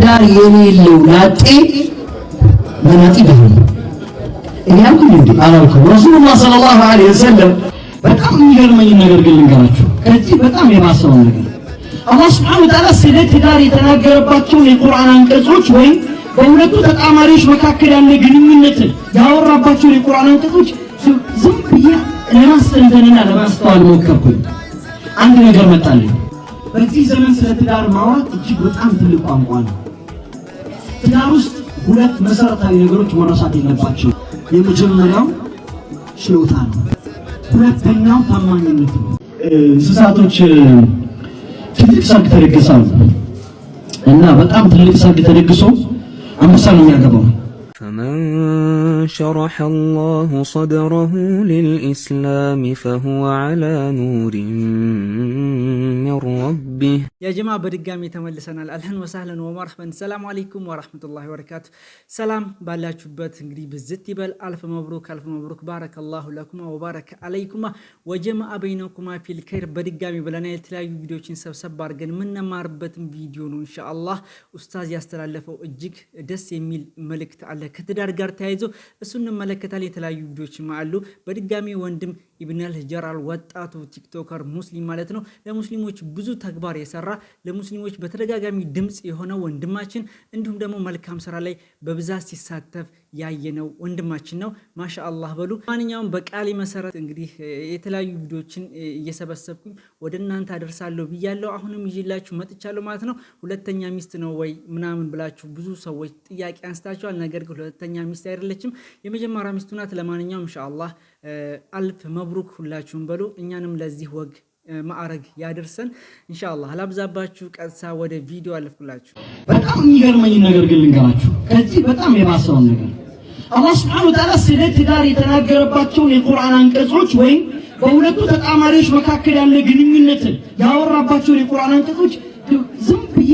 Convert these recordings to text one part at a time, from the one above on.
ትዳር የሌለው ላጤ መናጢ ቢሆን እያልኩኝ እንዲ አላልኩም። ረሱሉላህ ሰለላሁ ዐለይሂ ወሰለም በጣም የሚገርመኝ ነገር ግን ልንገራችሁ፣ ከዚህ በጣም የባሰውን ነገር አላህ ስብሐነሁ ወተዓላ ስለ ትዳር የተናገረባቸውን የቁርአን አንቀጾች ወይም በሁለቱ ተጣማሪዎች መካከል ያለ ግንኙነትን ያወራባቸውን የቁርአን አንቀጾች ዝም ብዬ ለማስተንተንና ለማስተዋል ሞከርኩኝ። አንድ ነገር መጣልኝ። በዚህ ዘመን ስለ ትዳር ማውራት እጅግ በጣም ትልቅ ቋንቋ ነው። ትዳር ውስጥ ሁለት መሰረታዊ ነገሮች መረሳት የለባቸው። የመጀመሪያው ችሎታ ነው። ሁለተኛው ታማኝነት ነው። እንስሳቶች ትልቅ ሰርግ ተደግሳሉ እና በጣም ትልቅ ሰርግ ተደግሶ አንበሳ ነው የሚያገባው። شرح الله صدره للإسلام فهو على نور من ربه يا جماعة بدقام يتملسنا أهلا وسهلا ومرحبا السلام عليكم ورحمة الله وبركاته ሰላም ባላችሁበት እንግዲህ ብዝት ይበል። አልፍ መብሩክ አልፍ መብሩክ። ባረከ አላሁ ለኩማ ወባረከ አለይኩማ ወጀማአ በይነኩማ ፊል ኸይር። በድጋሚ ብለና የተለያዩ ቪዲዮዎችን ሰብሰብ አድርገን የምንማርበትን ቪዲዮ ነው ኢንሻአላህ። ኡስታዝ ያስተላለፈው እጅግ ደስ የሚል መልእክት አለ ከትዳር ጋር ተያይዞ እሱ እንመለከታል። የተለያዩ ቪዲዮችም አሉ። በድጋሚ ወንድም ኢብነል ጀራል ወጣቱ ቲክቶከር ሙስሊም ማለት ነው ለሙስሊሞች ብዙ ተግባር የሰራ ለሙስሊሞች በተደጋጋሚ ድምፅ የሆነ ወንድማችን እንዲሁም ደግሞ መልካም ስራ ላይ በብዛት ሲሳተፍ ያየነው ወንድማችን ነው። ማሻ አላህ በሉ። ማንኛውም በቃሊ መሰረት እንግዲህ የተለያዩ ቪዲዮችን እየሰበሰብኩኝ ወደ እናንተ አደርሳለሁ ብያለሁ። አሁንም ይዤላችሁ መጥቻለሁ ማለት ነው። ሁለተኛ ሚስት ነው ወይ ምናምን ብላችሁ ብዙ ሰዎች ጥያቄ አንስታችኋል። ነገር ግን ሁለተኛ ሚስት አይደለችም፣ የመጀመሪያ ሚስቱ ናት። ለማንኛውም ኢንሻአላህ አልፍ መብሩክ ሁላችሁም በሉ። እኛንም ለዚህ ወግ ማዕረግ ያደርሰን እንሻላ። አላብዛባችሁ፣ ቀጥታ ወደ ቪዲዮ አለፍኩላችሁ። በጣም የሚገርመኝ ነገር ግን ልንገራችሁ፣ ከዚህ በጣም የባሰውን ነገር አላህ ሱብሓነሁ ወተዓላ ስለ ትዳር የተናገረባቸውን የቁርአን አንቀጾች ወይም በሁለቱ ተጣማሪዎች መካከል ያለ ግንኙነትን ያወራባቸውን የቁርአን አንቀጾች ዝም ብዬ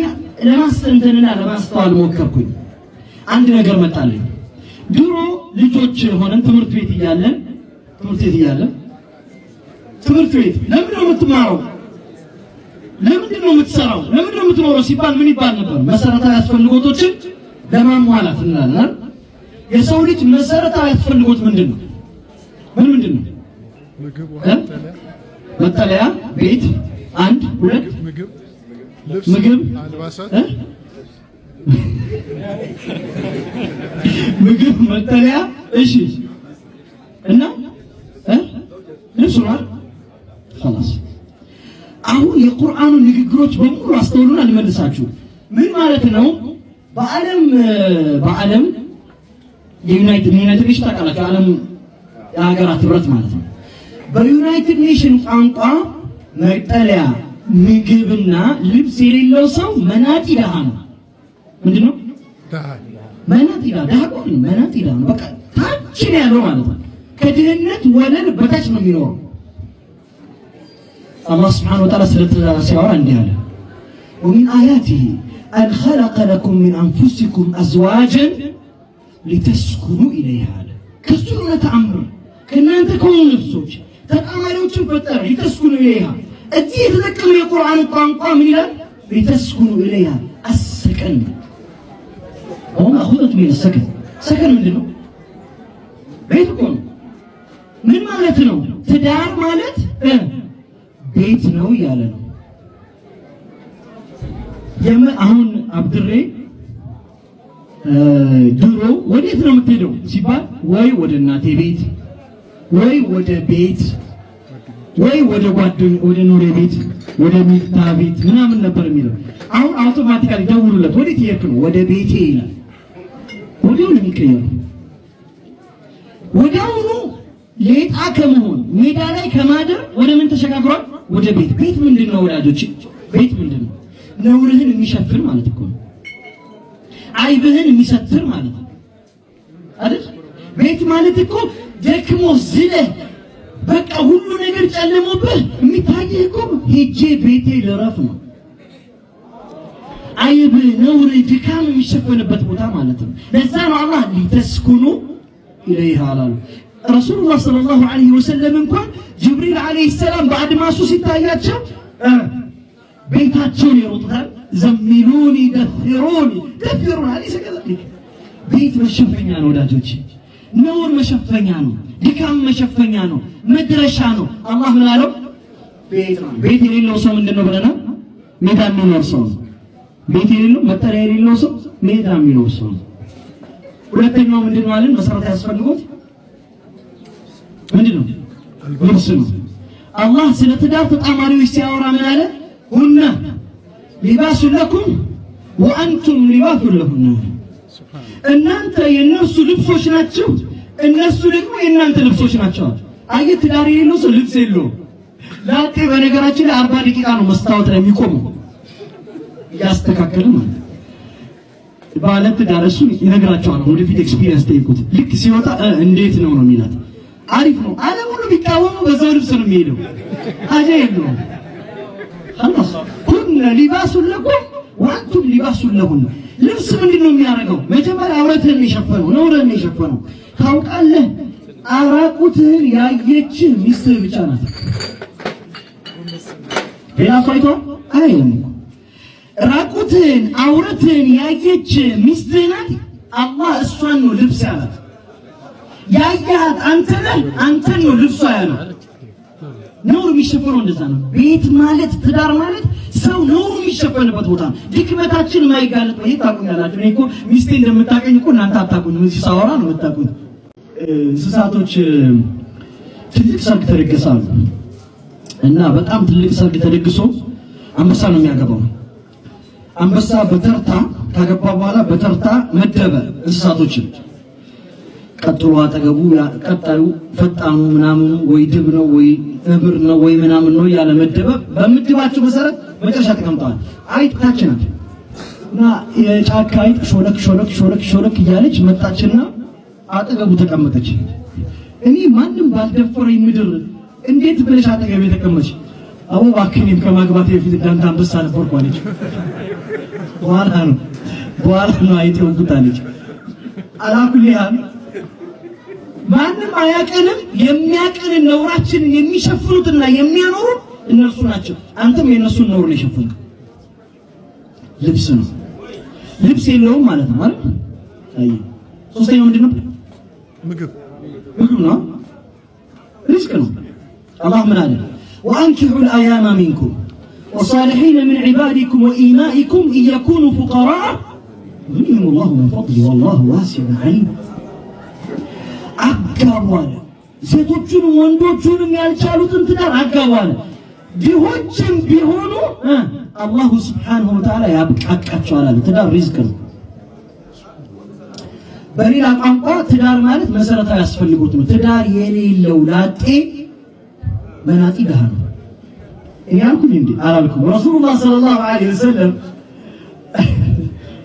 ለማስተንተንና ለማስተዋል ሞከርኩኝ። አንድ ነገር መጣልኝ። ድሮ ልጆች ሆነን ትምህርት ቤት እያለን ትምህርት ቤት እያለን ትምህርት ቤት ለምንድን ነው የምትማረው? ለምንድን ነው የምትሰራው? ለምንድን ነው የምትኖረው ሲባል ምን ይባል ነበር? መሰረታዊ አስፈልጎቶችን ለማሟላት እንላለን። የሰው ልጅ መሰረታዊ አስፈልጎት ምንድን ነው? ምን ምንድን ነው? መጠለያ፣ ቤት፣ አንድ ሁለት፣ ምግብ፣ ምግብ፣ መጠለያ፣ እሺ እና ልብስ ኸላስ አሁን የቁርአኑ ንግግሮች በሙሉ አስተውሉና ልመልሳችሁ። ምን ማለት ነው? በዓለም በዓለም የዩናይትድ ኔሽን ታውቃላችሁ፣ የዓለም የሀገራት ህብረት ማለት ነው። በዩናይትድ ኔሽን ቋንቋ መጠለያ ምግብና ልብስ የሌለው ሰው መናጢ ድሃ ነው። ምንድን ነው መናጢ ድሃ? ድሃ እኮ መናጢ ድሃ ነው። በቃ ታች ነው ያለው ማለት ነው። ከድህነት ወለል በታች ነው የሚኖረው الله سبحانه وتعالى عندي قال ومن آياته أن خلق لكم من أنفسكم أزواجا لتسكنوا إليها كسرنا تعمر كنا أن تكونوا نفسك تتأمرون شوف التر لتسكنوا إليها أدي تذكر من القرآن الطامطا من إلى لتسكنوا إليها السكن وما أخذت من السكن سكن من دلو بيتكم من مالتنا تدار مالت ቤት ነው እያለ ነው። አሁን አብድሬ ድሮ ወዴት ነው የምትሄደው ሲባል ወይ ወደ እናቴ ቤት ወይ ወደ ቤት ወይ ወደ ጓደኝ ወደ ኑሬ ቤት ወደ ሚልታ ቤት ምናምን ነበር የሚለው። አሁን አውቶማቲካሊ ደውሉለት፣ ወዴት እየሄድክ ነው? ወደ ቤቴ ይላል። ወዲያው ነው የሚቀየረው ወዲያውኑ ሌጣ ከመሆን ሜዳ ላይ ከማደር ወደ ምን ተሸጋግሯል? ወደ ቤት። ቤት ምንድን ነው ወዳጆች? ቤት ምንድን ነው? ነውርህን የሚሸፍን ማለት እኮ ነው። አይብህን የሚሰትር ማለት ነው አይደል? ቤት ማለት እኮ ደክሞ ዝለህ በቃ ሁሉ ነገር ጨልሞብህ የሚታይህ እኮ ሄጄ ቤቴ ልረፍ ነው። አይብ ነውር፣ ድካም የሚሸፈንበት ቦታ ማለት ነው። ለዛ ነው አላህ ሊተስኩኑ ኢለይሃ አላሉ ረሱሉላህ ሰለላሁ ዐለይሂ ወሰለም እንኳን ጅብሪል ዐለይሂ ሰላም በአድማሱ ሲታያቸው ቤታቸውን ይሮጡታል። ዘሚሉኒ ደፍሩኒ ደፍሩን አለይሰ ከዛሊክ ቤት መሸፈኛ ነው ወዳጆች፣ ነውር መሸፈኛ ነው፣ ድካም መሸፈኛ ነው፣ መድረሻ ነው። አላህ ምን አለው? ቤት የሌለው ሰው ምንድን ነው ብለናል? ሜዳ የሚኖር ሰው ነው። ቤት የሌለው መጠለያ የሌለው ሰው ሜዳ የሚኖር ሰው ነው። ሁለተኛው ምንድን ነው አለን? መሰረት ያስፈልጎት ምንድን ነው? ልብስ ነው። አላህ ስለ ትዳር ተጣማሪዎች ሲያወራ ምን አለ? ሁና ሊባሱ ለኩም ወአንቱም ሊባሱ ለሁና። እናንተ የእነሱ ልብሶች ናቸው፣ እነሱ ደግሞ የእናንተ ልብሶች ናቸው። አየህ ትዳር የሌለው ሰው ልብስ የለውም። ላጤ በነገራችን ላይ አርባ ደቂቃ ነው መስታወት ላይ የሚቆመው እያስተካከለ ማለት ባለ ትዳር እሱ ይነግራቸዋል። ወደፊት ኤክስፒሪየንስ ጠይቁት። ልክ ሲወጣ እንዴት ነው ነው የሚላት አሪፍ ነው። ዓለም ሁሉ ቢቃወሙ በዛው ልብስ ነው የሚሄደው። ሀጃ የለውም። خلاص ሁነ ሊባሱን ለኩም ወአንቱም ሊባሱን ለሁነ። ልብስ ምንድን ነው የሚያደርገው? መጀመሪያ አውረትህን የሸፈነው ነውረን የሸፈነው ታውቃለህ። አራቁትህን ያየችህ ሚስትህ ብቻ ናት። ሌላ ሰው አይቶ አይም ራቁትህን አውረትህን ያየችህ ሚስትህ ናት። አላህ እሷን ነው ልብስ ያላት ያያት አንተን አንተ ነው ልብሷ ያለው ነውር የሚሸፈነው እንደዛ ነው። ቤት ማለት ትዳር ማለት ሰው ነውር የሚሸፈንበት ቦታ ነው። ድክመታችን የማይጋለጥ ነው። ይሄ ታውቁኛላችሁ። እኔ እኮ ሚስቴ እንደምታቀኝ እኮ እናንተ አታውቁኝ። እዚህ ሳወራ ነው የምታውቁት። እንስሳቶች ትልቅ ሰርግ ተደግሳሉ እና በጣም ትልቅ ሰርግ ተደግሶ አንበሳ ነው የሚያገባው። አንበሳ በተርታ ካገባ በኋላ በተርታ መደበ እንስሳቶችን ቀጥሎ አጠገቡ ቀጠሉ ፈጣኑ ምናምኑ ወይ ድብ ነው ወይ እብር ነው ወይ ምናምን ነው ያለ መደበብ በምድባቸው መሰረት መጨረሻ ተቀምጠዋል። አይጥ ታችናት እና የጫካ አይጥ ሾለክ ሾለክ ሾለክ ሾለክ እያለች መጣችና አጠገቡ ተቀመጠች። እኔ ማንም ባልደፈረኝ ምድር እንዴት ብለሽ አጠገብ የተቀመጥሽ? አቦ ባክኔም ከማግባት የፊት ዳንታ አንበሳ ነበርኩ አለች። በኋላ ነው በኋላ ነው አይጥ ይወጉታለች አላኩልህ ማንም አያቀንም። የሚያቀንን ነውራችንን የሚሸፍኑትና የሚያኖሩ እነርሱ ናቸው። አንተም የእነሱን ነውር ነው የሸፈንክ። ልብስ ነው ልብስ የለውም ማለት ነው አይደል? አይ ሶስተኛው ምንድን ነው? ምግብ ምግብ ነው፣ ሪዝቅ ነው። አላህ ምን አለ? وأنكحوا الأيام منكم وصالحين من عبادكم وإمائكم إن يكونوا فقراء يغنيهم الله من فضله والله واسع عليم አጋቡ አለ። ሴቶቹን ወንዶቹንም ያልቻሉትን ትዳር አጋቡ አለ። ድሆችም ቢሆኑ አላሁ ስብሓነሁ ወተዓላ ያብቃቃቸዋል አለ። ትዳር ሪዝቅ ነው። በሌላ ቋንቋ ትዳር ማለት መሰረታዊ ያስፈልጉት ነው። ትዳር የሌለው ላጤ መናጢ ድሃ ነው። እኔ አልኩኝ እንዴ? አላልኩም። ረሱሉላህ ሰለላሁ ዐለይሂ ወሰለም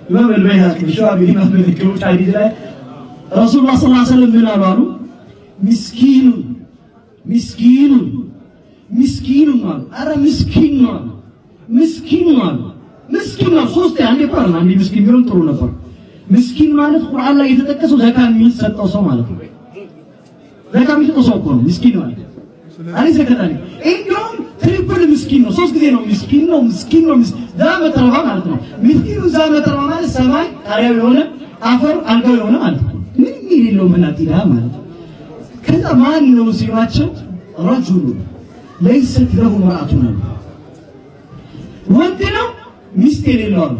ኢማም አልበይሃቂ ሸዋቢ ኢማም ላይ ረሱሉላ ስ ሰለም ምን አሉ? ምስኪኑን ምስኪኑን ምስኪኑን አሉ። አረ ምስኪን አሉ። ምስኪን አሉ። ምስኪን ነው ሶስት አንዴ ፓርና አንዴ ምስኪን ቢሆን ጥሩ ነበር። ምስኪን ማለት ቁርአን ላይ የተጠቀሰው ዘካ የሚሰጠው ሰው ማለት ነው። ዘካ የሚሰጠው ሰው እኮ ነው ምስኪን ማለት አሪ ዘከታኒ እንደውም ትሪፕል ምስኪን ነው። ሶስት ጊዜ ነው ምስኪን ነው ምስኪን ነው ዛ መተረባ ማለት ነው። ምስኪኑ ዛ መተረባ ማለት ሰማይ ጣሪያው የሆነ አፈር አልጋው የሆነ ማለት ነው። የሌለው መናጢዳ ማለት ነው። ከዛ ማን ነው ሲሏቸው ረጁሉ ለይሰት ለሁ መርአቱ ነው ወንድ ነው ሚስት የሌለው አሉ።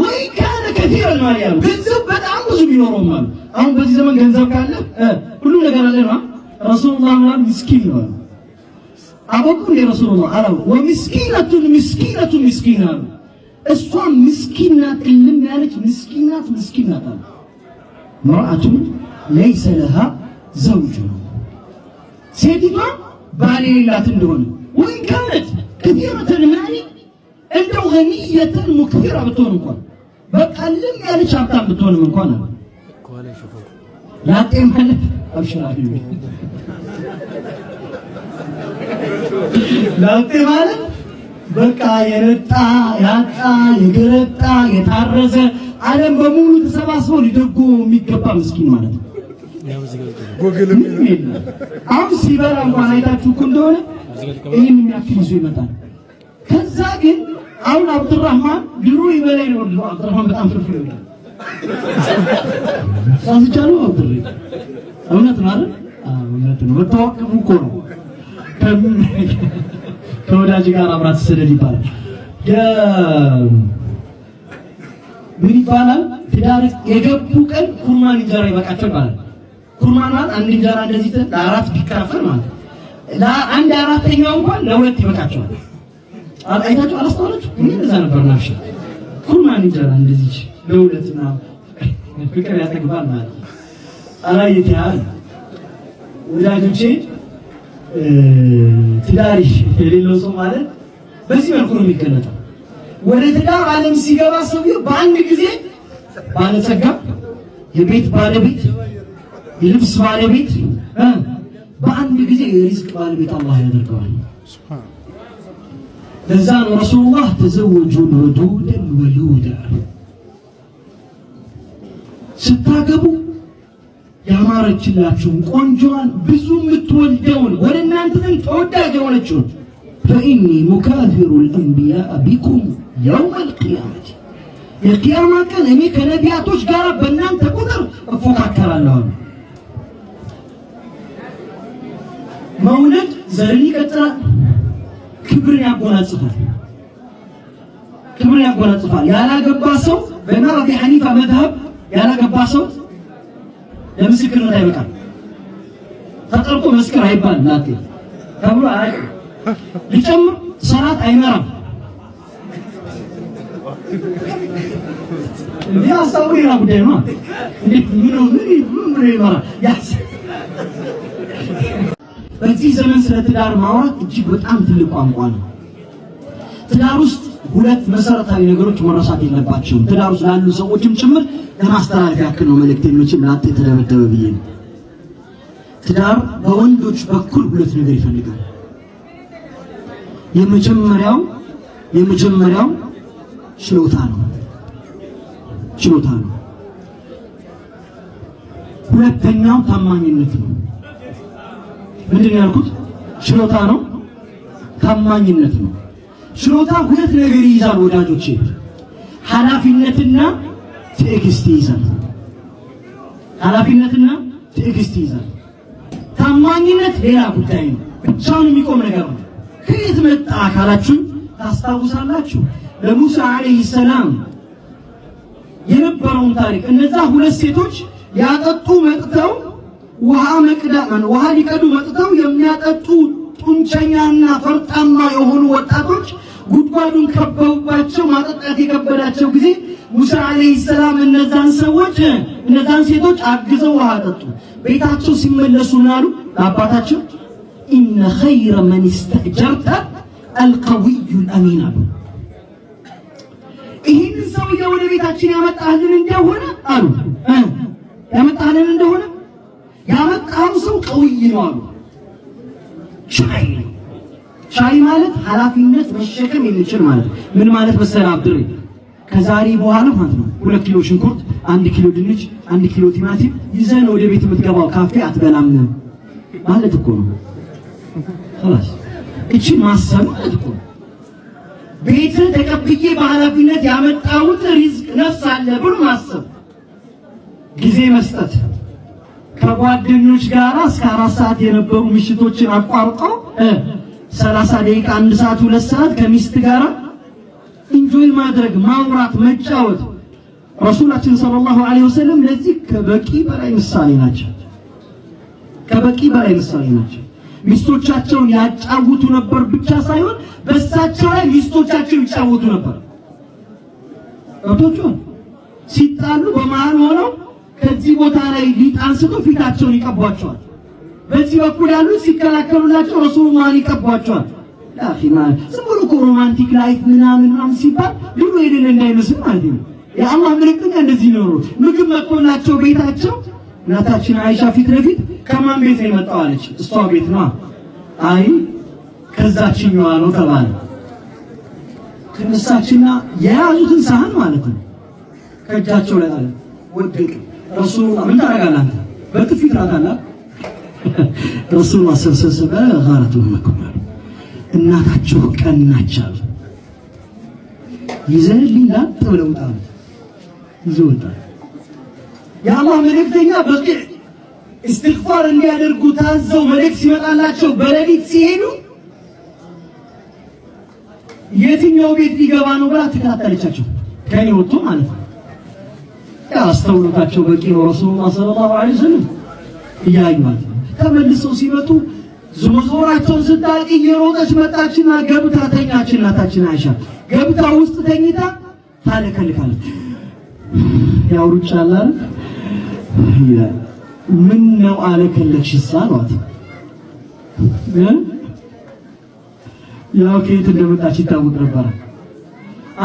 ወይ ካነ ከቲረን ማል ያሉ ገንዘብ በጣም ብዙ ቢኖረውም አሉ። አሁን በዚህ ዘመን ገንዘብ ካለ ሁሉ ነገር አለ ነው። ረሱሉላህ ማለት ምስኪን ነው አሉ። አበቁን የረሱሉላህ አላ ወሚስኪነቱን ምስኪነቱን ምስኪና አሉ። እሷም ምስኪናት እልም ያለች ምስኪናት ምስኪናት አሉ መርአቱን ለይሰ ለሃ ዘውጅ ነው ሴቲቷ ባል የሌላት እንደሆነ ወይ ካነት ከፊረተን ማሊ እንደው ገኒየተን ሙክፊራ ብትሆን እንኳን በቃ ያለች ሀብታም ብትሆንም እንኳን አለ ላጤ ማለት አብሽራ ላጤ ማለት በቃ የረጣ ያጣ የገረጣ የታረዘ ዓለም በሙሉ ተሰባስበው ሊደጎ የሚገባ ምስኪን ማለት ነው። አሁን ሲበላ እንኳን አይታችሁ እኮ እንደሆነ ይህን የሚያክል ይዞ ይመጣል። ከዛ ግን አሁን አብዱራህማን ድሮ ይበላይ ነው። አብዱራህማን በጣም ፍርፍር ሳስቻ ነው አብዱሬ እውነት ነው አይደል? እውነት ነው። በተዋቅቡ እኮ ነው ከወዳጅ ጋር አብራት ስደድ ይባላል። ምን ይባላል? ትዳር የገቡ ቀን ኩርማን እንጀራ ይበቃቸው ይባላል። ኩርማን ማለት አንድ እንጀራ እንደዚህ ተ ለአራት ቢካፈል ማለት ለአንድ አራተኛው እንኳን ለሁለት ይበቃቸዋል። አይታችሁ አላስተዋላችሁ? ምን እንደዛ ነበር ናፍሽ ኩርማን እንጀራ እንደዚህ ለሁለትና ፍቅር ያጠግባል ማለት ነው። አላየት ያህል ወዳጆቼ፣ ትዳር የሌለው ሰው ማለት በዚህ መልኩ ነው የሚገለጠው። ወደ ትዳር ዓለም ሲገባ ሰውዬው በአንድ ጊዜ ባለጸጋ፣ የቤት ባለቤት፣ የልብስ ባለቤት፣ በአንድ ጊዜ የሪዝቅ ባለቤት አላህ ያደርገዋል። ለዛ ነው ረሱሉላህ ተዘወጁን ወዱደን ወሉዳ ስታገቡ ያማረችላችሁን ቆንጆዋን ብዙ የምትወልደውን ወደ እናንተ ዘንድ ተወዳጅ የሆነችውን ፈኢኒ ሙካፊሩ ልአንቢያ ቢኩም የውል ቅያመት የቅያማ ቀን እኔ ከነቢያቶች ጋር በእናንተ ቁጥር እፎካከራለሁ። መውለድ ዘርን ይቀጥላል፣ ክብርን ያጎናጽፋል። ክብርን ያጎናጽፋል። ያላገባ ሰው በኢማም ሐኒፋ መዝሀብ ያላገባ ሰው ለምስክርነት አይበቃም። ተጠርቆ መስክር አይባልም። ላጤ ተብሎ አያውቅም። ሊጨምር ሰላት አይመራም። ያሳቡ ሌላ ጉዳይ ነው። በዚህ ዘመን ስለ ትዳር ማውራት እጅግ በጣም ትልቅ ቋንቋ ነው። ትዳር ውስጥ ሁለት መሰረታዊ ነገሮች መረሳት የለባቸውም። ትዳር ውስጥ ላሉ ሰዎችም ጭምር ለማስተላለፍ ያክል ነው መልእክት የምችል ለአጤ የተደበደበ ብዬ ነው። ትዳር በወንዶች በኩል ሁለት ነገር ይፈልጋል። የመጀመሪያው የመጀመሪያው ችሎታ ነው ችሎታ ነው። ሁለተኛው ታማኝነት ነው። ምንድን ነው ያልኩት? ችሎታ ነው፣ ታማኝነት ነው። ችሎታ ሁለት ነገር ይይዛል ወዳጆቼ፣ ኃላፊነትና ትዕግስት ይይዛል። ኃላፊነትና ትዕግስት ይይዛል። ታማኝነት ሌላ ጉዳይ ነው፣ ብቻውን የሚቆም ነገር ነው። ከየት መጣ አካላችሁ ታስታውሳላችሁ ለሙሳ አለይሂ ሰላም የነበረውን ታሪክ እነዛ ሁለት ሴቶች ያጠጡ መጥተው ውሃ መቅዳን ውሃ ሊቀዱ መጥተው የሚያጠጡ ጡንቸኛና ፈርጣማ የሆኑ ወጣቶች ጉድጓዱን ከበውባቸው ማጠጣት የከበዳቸው ጊዜ ሙሳ አለይሂ ሰላም እነዛን ሰዎች እነዛን ሴቶች አግዘው ውሃ አጠጡ። ቤታቸው ሲመለሱ ምን አሉ ኢነ ኸይረ መን ስተእጀርተ አልቀዊዩ አልአሚን አሉ ይህን ሰውዬ ወደ ቤታችን ያመጣህልን እንደሆነ አሉ ያመጣህልን እንደሆነ ያመጣኸው ሰው ቀውይ ነው አሉ። ሻይ ቻይ ማለት ኃላፊነት መሸከም የሚችል ማለት ነው። ምን ማለት መሰለህ አብድር ከዛሬ በኋላ ማለት ነው ሁለት ኪሎ ሽንኩርት፣ አንድ ኪሎ ድንች፣ አንድ ኪሎ ቲማቲም ይዘህ ነው ወደ ቤት የምትገባው። ካፌ አትበላም ማለት እኮ ነው። እቺ ማሰብ ማለት እኮ ነው። ቤት ተቀብዬ በኃላፊነት ያመጣሁት ሪዝቅ ነፍስ አለ ብሎ ማሰብ፣ ጊዜ መስጠት ከጓደኞች ጋር እስከ አራት ሰዓት የነበሩ ምሽቶችን አቋርጠው ሰላሳ ደቂቃ አንድ ሰዓት ሁለት ሰዓት ከሚስት ጋራ እንጆይ ማድረግ ማውራት፣ መጫወት ረሱላችን ሰለላሁ ዐለይሂ ወሰለም ለዚህ ከበቂ በላይ ምሳሌ ናቸው። ከበቂ በላይ ምሳሌ ናቸው። ሚስቶቻቸውን ያጫውቱ ነበር ብቻ ሳይሆን በእሳቸው ላይ ሚስቶቻቸው ይጫወቱ ነበር። ገብቷችኋል? ሲጣሉ በመሃል ሆነው ከዚህ ቦታ ላይ ሊጥ አንስቶ ፊታቸውን ይቀቧቸዋል። በዚህ በኩል ያሉት ሲከላከሉላቸው ረሱሉ ማን ይቀቧቸዋል። ላኺማ ዝም ብሎ እኮ ሮማንቲክ ላይፍ ምናምን ምናምን ሲባል ልሉ የሌለ እንዳይመስል ማለት ነው። የአላህ ምልክት እንደዚህ ነው። ምግብ መጥቶላቸው ቤታቸው እናታችን አይሻ ፊት ለፊት ከማን ቤት ነው የመጣው አለች። እሷ ቤት ነው። አይ ከዛችኛዋ ነው ተባለ። ትንሳችና የያዙትን ሳህን ማለት ነው ከእጃቸው ላይ አለ ወደቀ። ረሱሉላህ ምን ታደርጋላችሁ? በጥፊ ትራታላ ረሱሉላህ ሰሰሰበ ጋራቱ መኩም እናታችሁ ቀናቻል። ይዘህልኝ ላጥ ብለውጣ ጣሉ የአላህ መልእክተኛ በቂ እስትግፋር እንዲያደርጉ ታዘው መልእክት ሲመጣላቸው በሌሊት ሲሄዱ የትኛው ቤት ሊገባ ነው ብላ ትከታተለቻቸው። ከኔ ወጥቶ ማለት ነው። ያ አስተውሎታቸው በቂ ነው። ረሱሉላህ ሰለላሁ ዐለይሂ ወሰለም እያዩ ማለት ነው። ተመልሰው ሲመጡ ዞራቸውን ስታቂ እየሮጠች መጣችና ገብታ ተኛች። እናታችን አይሻ ገብታ ውስጥ ተኝታ ታለከልካለች። ያው ሩጫ አለ ይላል። ምን ነው አለከለክሽሳ አሏት። ያው ከየት እንደመጣች ይታወቅ ነበረ።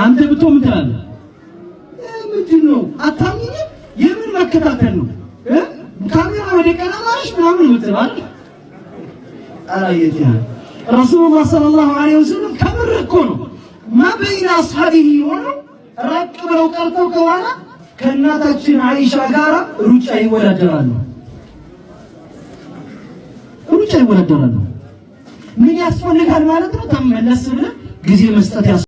አንተ ብትሆን ምን ትላለህ? ምንድን ነው አታምኝም? የምን መከታተል ነው? ካሜራ ወደ ቀና ማለሽ ምናምን ምትባል አላየት ያ ረሱሉላህ ሰለላሁ ዐለይሂ ወሰለም ከምር እኮ ነው ማበይና አስሐቢሂ ሆነው ራቅ ብለው ቀርተው ከኋላ ከእናታችን አይሻ ጋር ሩጫ ይወዳደራሉ። ሩጫ ይወዳደራሉ። ምን ያስፈልጋል ማለት ነው? ተመለስ ብለህ ጊዜ መስጠት ያስ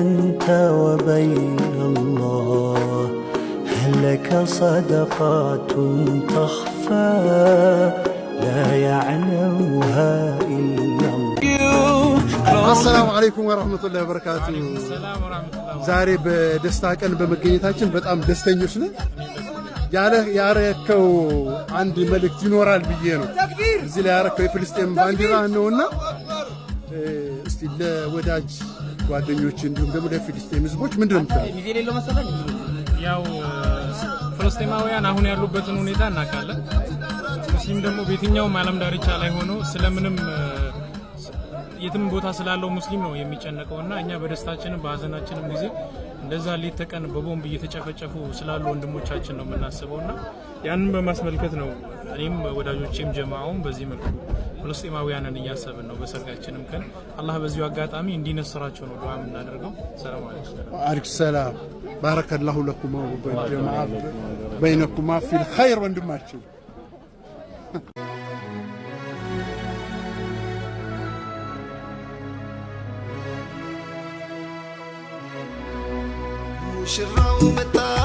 أنت وبين الله هل لك صدقات تخفى አሰላሙ አለይኩም ወራህመቱላሂ ወበረካቱ። ዛሬ በደስታ ቀን በመገኘታችን በጣም ደስተኞች ነን። ያለ ያረከው አንድ መልእክት ይኖራል ብዬ ነው እዚህ ላይ ያረከው የፍልስጤም ባንዲራ ነውና እስቲ ለወዳጅ ጓደኞች እንዲሁም ደግሞ ለፊልስጤም ህዝቦች ምንድን ነው የምትለው? ያው ፍልስጤማውያን አሁን ያሉበትን ሁኔታ እናውቃለን። ሙስሊም ደግሞ በየትኛውም ዓለም ዳርቻ ላይ ሆኖ ስለምንም የትም ቦታ ስላለው ሙስሊም ነው የሚጨነቀው እና እኛ በደስታችንም በሀዘናችንም ጊዜ እንደዛ ሌት ተቀን በቦምብ እየተጨፈጨፉ ስላሉ ወንድሞቻችን ነው የምናስበው እና ያንን በማስመልከት ነው እኔም ወዳጆቼም ጀማውም በዚህ መልኩ ፍልስጤማውያንን እያሰብን ነው። በሰርጋችንም ቀን አላህ በዚሁ አጋጣሚ እንዲነስራቸው ነው ዱዓ የምናደርገው። ሰላም አለይኩም። ሰላም ባረከላሁ ለኩማ ወበጀማዓ በይነኩማ ፊል ኸይር ወንድማችን شراومتها